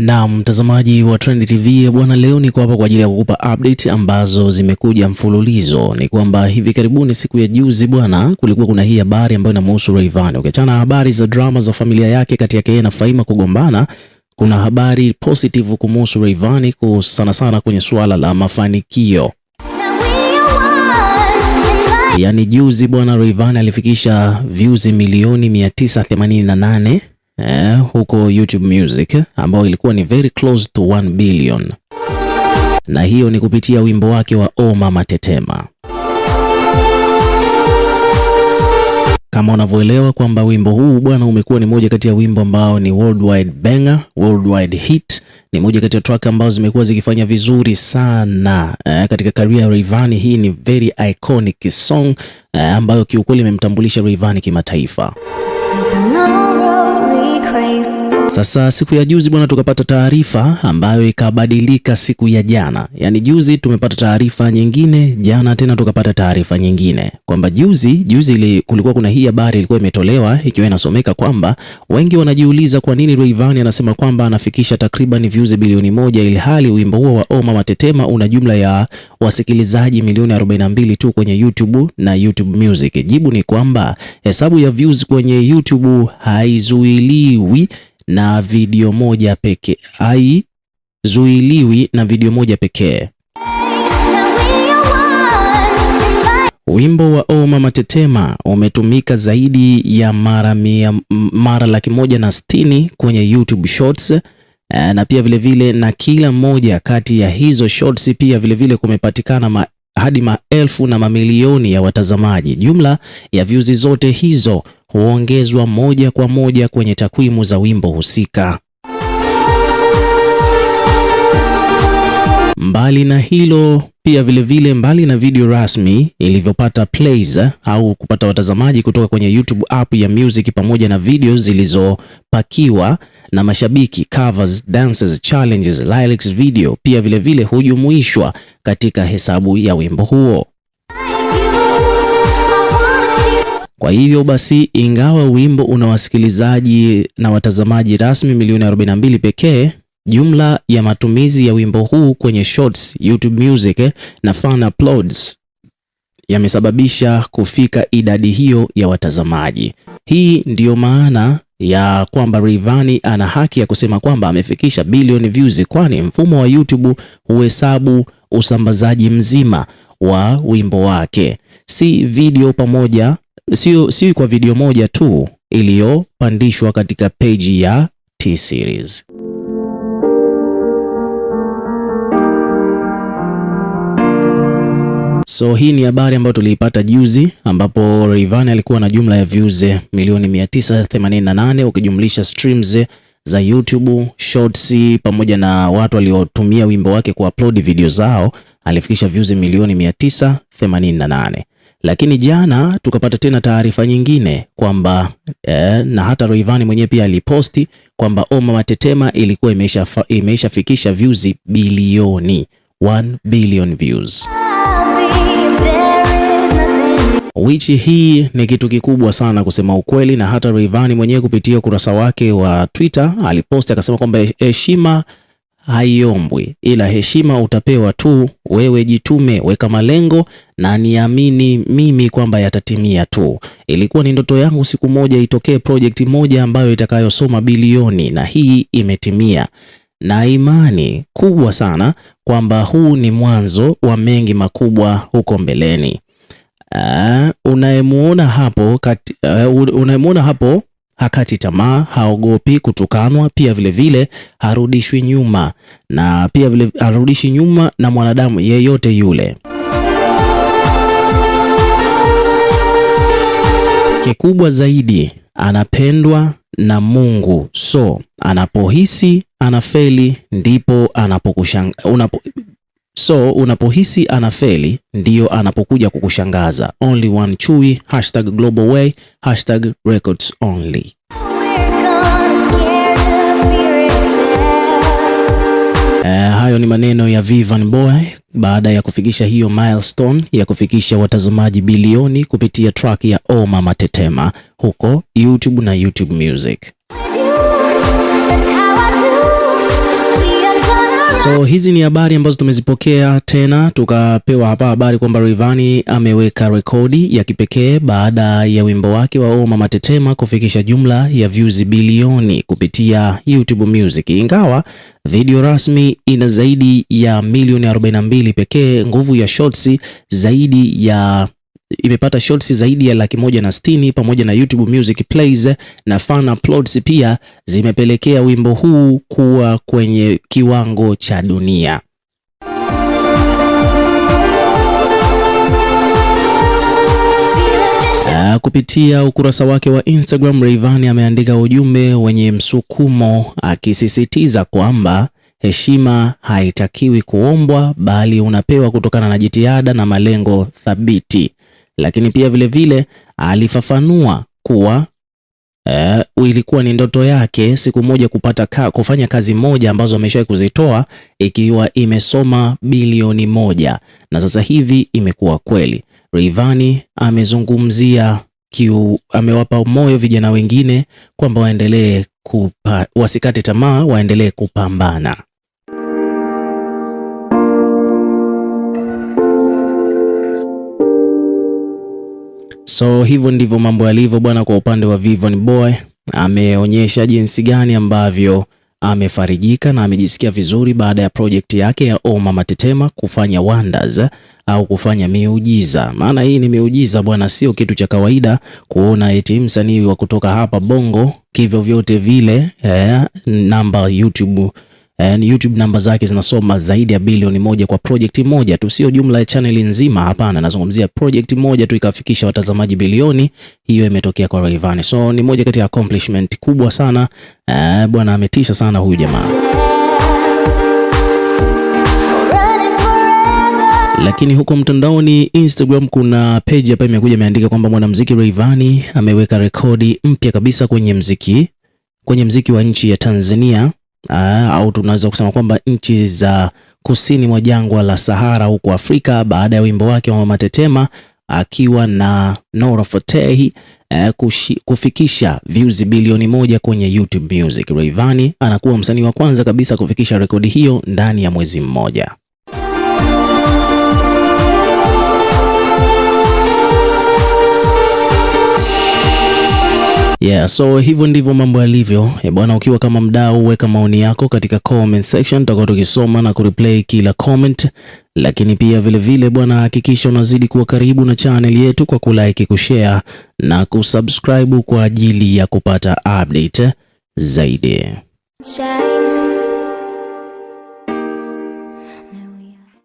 Na mtazamaji wa Trend TV bwana, leo niko hapa kwa ajili ya kukupa update ambazo zimekuja mfululizo. Ni kwamba hivi karibuni, siku ya juzi bwana, kulikuwa kuna hii habari ambayo inamhusu Rayvanny. Ukiachana na habari za drama za familia yake kati yake yeye na Faima kugombana, kuna habari positive kumhusu Rayvanny sana sana kwenye suala la mafanikio. Yaani juzi bwana, Rayvanny alifikisha views milioni 988 eh, huko YouTube Music ambayo ilikuwa ni very close to 1 billion, na hiyo ni kupitia wimbo wake wa O oh Mama Tetema. Kama unavyoelewa kwamba wimbo huu bwana, umekuwa ni moja kati ya wimbo ambao ni worldwide banger, worldwide hit, ni moja kati ya track ambazo zimekuwa zikifanya vizuri sana eh, katika career ya Rayvanny. Hii ni very iconic song eh, ambayo kiukweli imemtambulisha Rayvanny kimataifa. life Sasa siku ya juzi bwana, tukapata taarifa ambayo ikabadilika siku ya jana. Yaani juzi tumepata taarifa nyingine, jana tena tukapata taarifa nyingine kwamba juzi juzi li, kulikuwa kuna hii habari ilikuwa imetolewa ikiwa inasomeka kwamba wengi wanajiuliza kwa nini Rayvanny anasema kwamba anafikisha takriban views bilioni moja ili hali wimbo huo wa Oma Matetema una jumla ya wasikilizaji milioni 42 tu kwenye YouTube na YouTube Music. Jibu ni kwamba hesabu ya views kwenye YouTube haizuiliwi na na video moja pekee, haizuiliwi na video moja pekee. Wimbo wa O oh Mama Tetema umetumika zaidi ya mara mia, mara laki moja na sitini kwenye YouTube Shorts eh, na pia vilevile vile, na kila moja kati ya hizo shorts pia vilevile kumepatikana ma, hadi maelfu na mamilioni ya watazamaji. Jumla ya views zote hizo huongezwa moja kwa moja kwenye takwimu za wimbo husika. Mbali na hilo pia vilevile vile, mbali na video rasmi ilivyopata plays eh, au kupata watazamaji kutoka kwenye YouTube app ya music pamoja na video zilizopakiwa na mashabiki, covers, dances, challenges, lyrics video pia vilevile vile hujumuishwa katika hesabu ya wimbo huo. Kwa hivyo basi, ingawa wimbo una wasikilizaji na watazamaji rasmi milioni 42 pekee, jumla ya matumizi ya wimbo huu kwenye Shorts, YouTube Music eh, na Fan Uploads yamesababisha kufika idadi hiyo ya watazamaji. Hii ndiyo maana ya kwamba Rayvanny ana haki ya kusema kwamba amefikisha bilioni views, kwani mfumo wa YouTube huhesabu usambazaji mzima wa wimbo wake, si video pamoja sio si kwa video moja tu iliyopandishwa katika peji ya T-Series. So hii ni habari ambayo tuliipata juzi, ambapo Rayvanny alikuwa na jumla ya views milioni 988 ukijumlisha streams za YouTube shorts pamoja na watu waliotumia wimbo wake kuupload video zao, alifikisha views milioni 988. Lakini jana tukapata tena taarifa nyingine kwamba eh, na hata Rayvanny mwenyewe pia aliposti kwamba Oma Matetema ilikuwa imeshafikisha views bilioni 1 billion views which hii ni kitu kikubwa sana kusema ukweli, na hata Rayvanny mwenyewe kupitia ukurasa wake wa Twitter aliposti akasema kwamba heshima haiombwi, ila heshima utapewa tu. Wewe jitume, weka malengo na niamini mimi kwamba yatatimia tu. Ilikuwa ni ndoto yangu siku moja itokee project moja ambayo itakayosoma bilioni, na hii imetimia, na imani kubwa sana kwamba huu ni mwanzo wa mengi makubwa huko mbeleni. Uh, unayemuona hapo, uh, unayemuona hapo hakati tamaa, haogopi kutukanwa, pia vilevile vile, harudishwi nyuma na pia vile harudishi nyuma na mwanadamu yeyote yule. Kikubwa zaidi anapendwa na Mungu. So anapohisi anafeli ndipo anapokushanga unapo, So unapohisi anafeli ndiyo anapokuja kukushangaza. Only one Chui, hashtag global way, hashtag records only. Uh, hayo ni maneno ya Vivian Boy baada ya kufikisha hiyo milestone ya kufikisha watazamaji bilioni kupitia track ya oma Mama Tetema huko YouTube na YouTube Music. So hizi ni habari ambazo tumezipokea tena, tukapewa hapa habari kwamba Rayvanny ameweka rekodi ya kipekee baada ya wimbo wake wa oma oh Mama Tetema kufikisha jumla ya views bilioni kupitia YouTube Music, ingawa video rasmi ina zaidi ya milioni 42 pekee. Nguvu ya shorts zaidi ya imepata shorts zaidi ya laki moja na sitini pamoja na YouTube Music Plays na fan uploads pia zimepelekea wimbo huu kuwa kwenye kiwango cha dunia. Kupitia ukurasa wake wa Instagram, Rayvanny ameandika ujumbe wenye msukumo akisisitiza kwamba heshima haitakiwi kuombwa bali unapewa kutokana na jitihada na malengo thabiti lakini pia vilevile vile, alifafanua kuwa Uh, ilikuwa ni ndoto yake siku moja kupata ka, kufanya kazi moja ambazo ameshawahi kuzitoa ikiwa imesoma bilioni moja na sasa hivi imekuwa kweli. Rayvanny amezungumzia kiu, amewapa moyo vijana wengine kwamba waendelee kupa, wasikate tamaa, waendelee kupambana. So hivyo ndivyo mambo yalivyo bwana, kwa upande wa Vivon Boy ameonyesha jinsi gani ambavyo amefarijika na amejisikia vizuri baada ya project yake ya O Mama Tetema kufanya wonders uh, au kufanya miujiza. Maana hii ni miujiza bwana, sio kitu cha kawaida kuona eti msanii wa kutoka hapa Bongo kivyo vyote vile eh, namba YouTube And eh, YouTube namba zake zinasoma zaidi ya bilioni moja kwa project moja tu, sio jumla ya channel nzima. Hapana, nazungumzia project moja tu ikafikisha watazamaji bilioni. Hiyo imetokea kwa Rayvanny, so ni moja kati ya accomplishment kubwa sana Uh, bwana ametisha sana huyu jamaa. Lakini huko mtandaoni Instagram, kuna page hapa imekuja imeandika kwamba mwanamuziki Rayvanny ameweka rekodi mpya kabisa kwenye mziki, kwenye mziki wa nchi ya Tanzania aa, ah, au tunaweza kusema kwamba nchi za kusini mwa jangwa la Sahara huko Afrika, baada ya wimbo wake wa Mama Tetema akiwa na Nora Fotehi eh, kushi, kufikisha views bilioni moja kwenye YouTube Music. Rayvanny anakuwa msanii wa kwanza kabisa kufikisha rekodi hiyo ndani ya mwezi mmoja. Yeah, so hivyo ndivyo mambo yalivyo eh, bwana. Ukiwa kama mdau, weka maoni yako katika comment section, tutakuwa tukisoma na kureplay kila comment, lakini pia vilevile bwana, hakikisha unazidi kuwa karibu na channel yetu kwa kulike, kushare na kusubscribe kwa ajili ya kupata update zaidi.